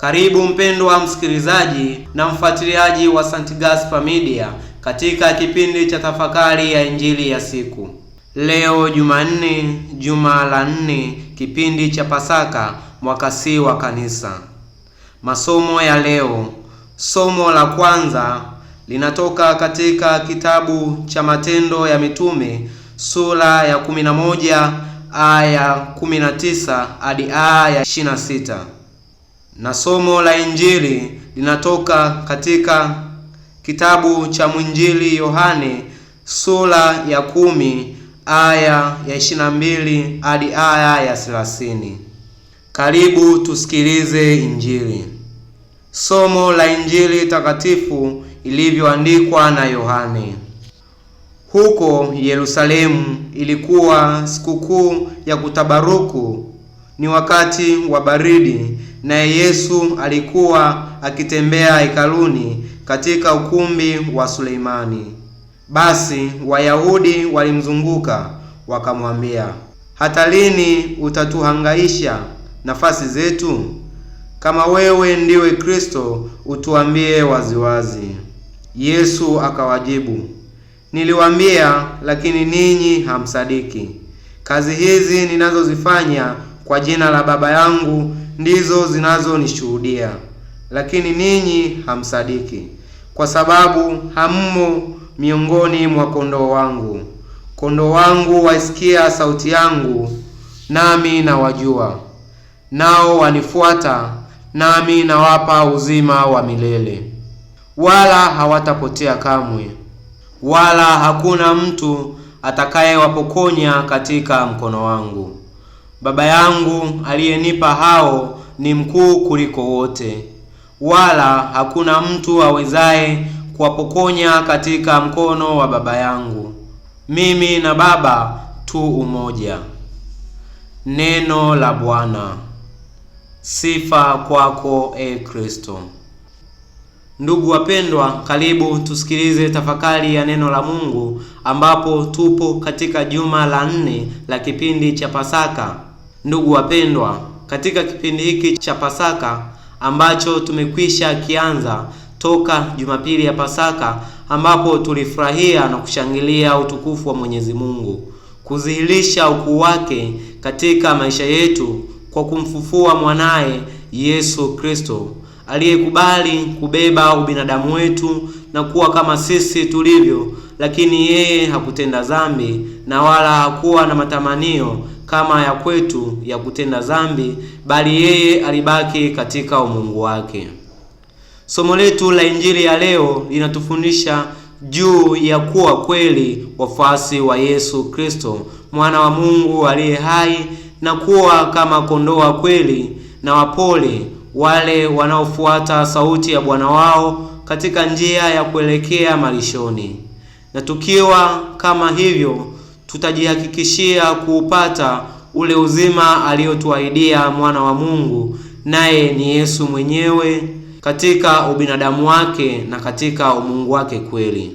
Karibu mpendwa msikilizaji na mfuatiliaji wa St. Gaspar Media katika kipindi cha tafakari ya injili ya siku. Leo Jumanne, juma la nne, kipindi cha Pasaka, mwaka C wa Kanisa. Masomo ya leo, somo la kwanza linatoka katika kitabu cha Matendo ya Mitume sura ya 11 aya 19 hadi aya 26 na somo la Injili linatoka katika kitabu cha mwinjili Yohane sura ya kumi aya ya 22 hadi aya ya 30. Karibu tusikilize Injili. Somo la Injili takatifu ilivyoandikwa na Yohane. Huko Yerusalemu ilikuwa sikukuu ya kutabaruku, ni wakati wa baridi naye Yesu alikuwa akitembea hekaluni katika ukumbi wa Suleimani. Basi Wayahudi walimzunguka wakamwambia, hata lini utatuhangaisha nafasi zetu? Kama wewe ndiwe Kristo, utuambie waziwazi. Yesu akawajibu, niliwaambia, lakini ninyi hamsadiki. Kazi hizi ninazozifanya kwa jina la Baba yangu ndizo zinazonishuhudia, lakini ninyi hamsadiki, kwa sababu hammo miongoni mwa kondoo wangu. Kondoo wangu waisikia sauti yangu, nami nawajua, nao wanifuata, nami nawapa uzima wa milele, wala hawatapotea kamwe, wala hakuna mtu atakayewapokonya katika mkono wangu. Baba yangu aliyenipa hao ni mkuu kuliko wote, wala hakuna mtu awezaye kuwapokonya katika mkono wa Baba yangu. Mimi na Baba tu umoja. Neno la Bwana. Sifa kwako e Kristo. Ndugu wapendwa, karibu tusikilize tafakari ya neno la Mungu ambapo tupo katika juma la nne la kipindi cha Pasaka. Ndugu wapendwa, katika kipindi hiki cha Pasaka ambacho tumekwisha kianza toka Jumapili ya Pasaka ambapo tulifurahia na kushangilia utukufu wa Mwenyezi Mungu, kudhihirisha ukuu wake katika maisha yetu kwa kumfufua mwanaye Yesu Kristo aliyekubali kubeba ubinadamu wetu na kuwa kama sisi tulivyo, lakini yeye hakutenda dhambi na wala kuwa na matamanio kama ya kwetu ya kutenda dhambi, bali yeye alibaki katika umungu wake. Somo letu la Injili ya leo linatufundisha juu ya kuwa kweli wafuasi wa Yesu Kristo mwana wa Mungu aliye hai na kuwa kama kondoo kweli na wapole wale wanaofuata sauti ya Bwana wao katika njia ya kuelekea malishoni. Na tukiwa kama hivyo tutajihakikishia kuupata ule uzima aliotuahidia mwana wa Mungu, naye ni Yesu mwenyewe katika ubinadamu wake na katika umungu wake kweli.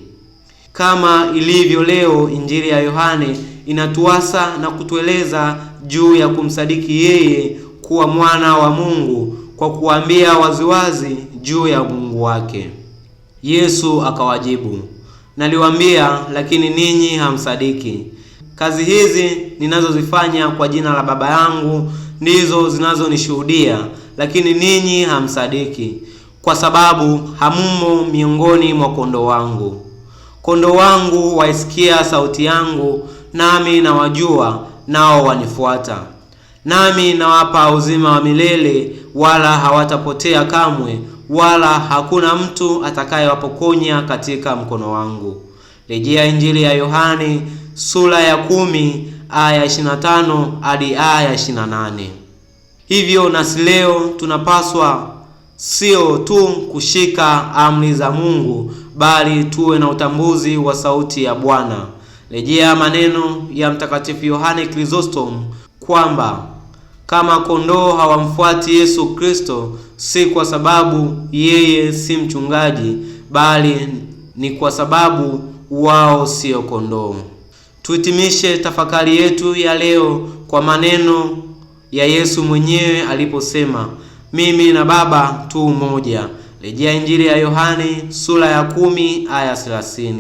Kama ilivyo leo, Injili ya Yohane inatuasa na kutueleza juu ya kumsadiki yeye kuwa mwana wa Mungu kwa kuambia waziwazi juu ya Mungu wake. Yesu akawajibu, naliwambia lakini ninyi hamsadiki. Kazi hizi ninazozifanya kwa jina la Baba yangu ndizo zinazonishuhudia, lakini ninyi hamsadiki, kwa sababu hamumo miongoni mwa kondoo wangu. Kondoo wangu waisikia sauti yangu, nami nawajua, nao wanifuata. Nami nawapa uzima wa milele, wala hawatapotea kamwe, wala hakuna mtu atakayewapokonya katika mkono wangu. Rejea Injili ya Yohani sura ya kumi aya 25 hadi aya 28. Hivyo nasi leo tunapaswa sio tu kushika amri za Mungu bali tuwe na utambuzi wa sauti ya Bwana. Rejea maneno ya Mtakatifu Yohane Chrysostom kwamba kama kondoo hawamfuati Yesu Kristo, si kwa sababu yeye si mchungaji, bali ni kwa sababu wao sio kondoo. Tuhitimishe tafakari yetu ya leo kwa maneno ya Yesu mwenyewe aliposema, mimi na Baba tu mmoja. Rejea Injili ya Yohani sura ya kumi aya 30.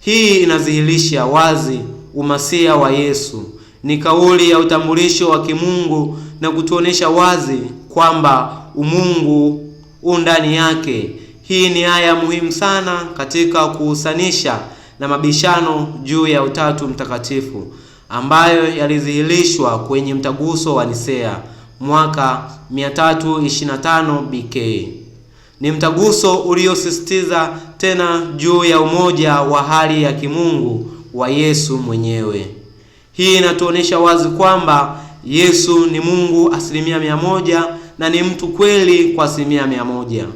Hii inadhihirisha wazi umasia wa Yesu. Ni kauli ya utambulisho wa kimungu na kutuonesha wazi kwamba umungu u ndani yake. Hii ni aya muhimu sana katika kuhusanisha na mabishano juu ya Utatu Mtakatifu ambayo yalidhihirishwa kwenye mtaguso wa Nisea mwaka 325 BK. Ni mtaguso uliosisitiza tena juu ya umoja wa hali ya kimungu wa Yesu mwenyewe. Hii inatuonyesha wazi kwamba Yesu ni Mungu asilimia mia moja na ni mtu kweli kwa asilimia mia moja.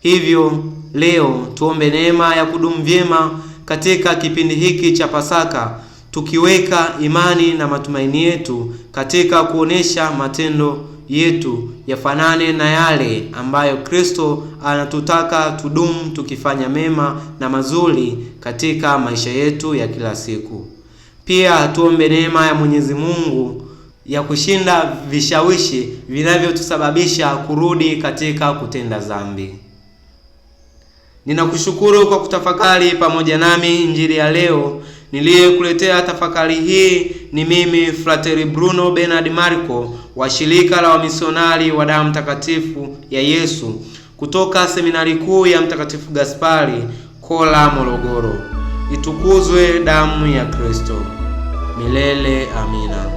Hivyo leo tuombe neema ya kudumu vyema katika kipindi hiki cha Pasaka, tukiweka imani na matumaini yetu katika kuonesha matendo yetu yafanane na yale ambayo Kristo anatutaka tudumu tukifanya mema na mazuri katika maisha yetu ya kila siku. Pia tuombe neema ya Mwenyezi Mungu ya kushinda vishawishi vinavyotusababisha kurudi katika kutenda dhambi. Ninakushukuru kwa kutafakari pamoja nami injili ya leo. Niliyekuletea tafakari hii ni mimi Frateri Bruno Bernard Marco wa shirika la wamisionari wa damu takatifu ya Yesu kutoka seminari kuu ya Mtakatifu Gaspari Kola, Morogoro. Itukuzwe damu ya Kristo! Milele amina.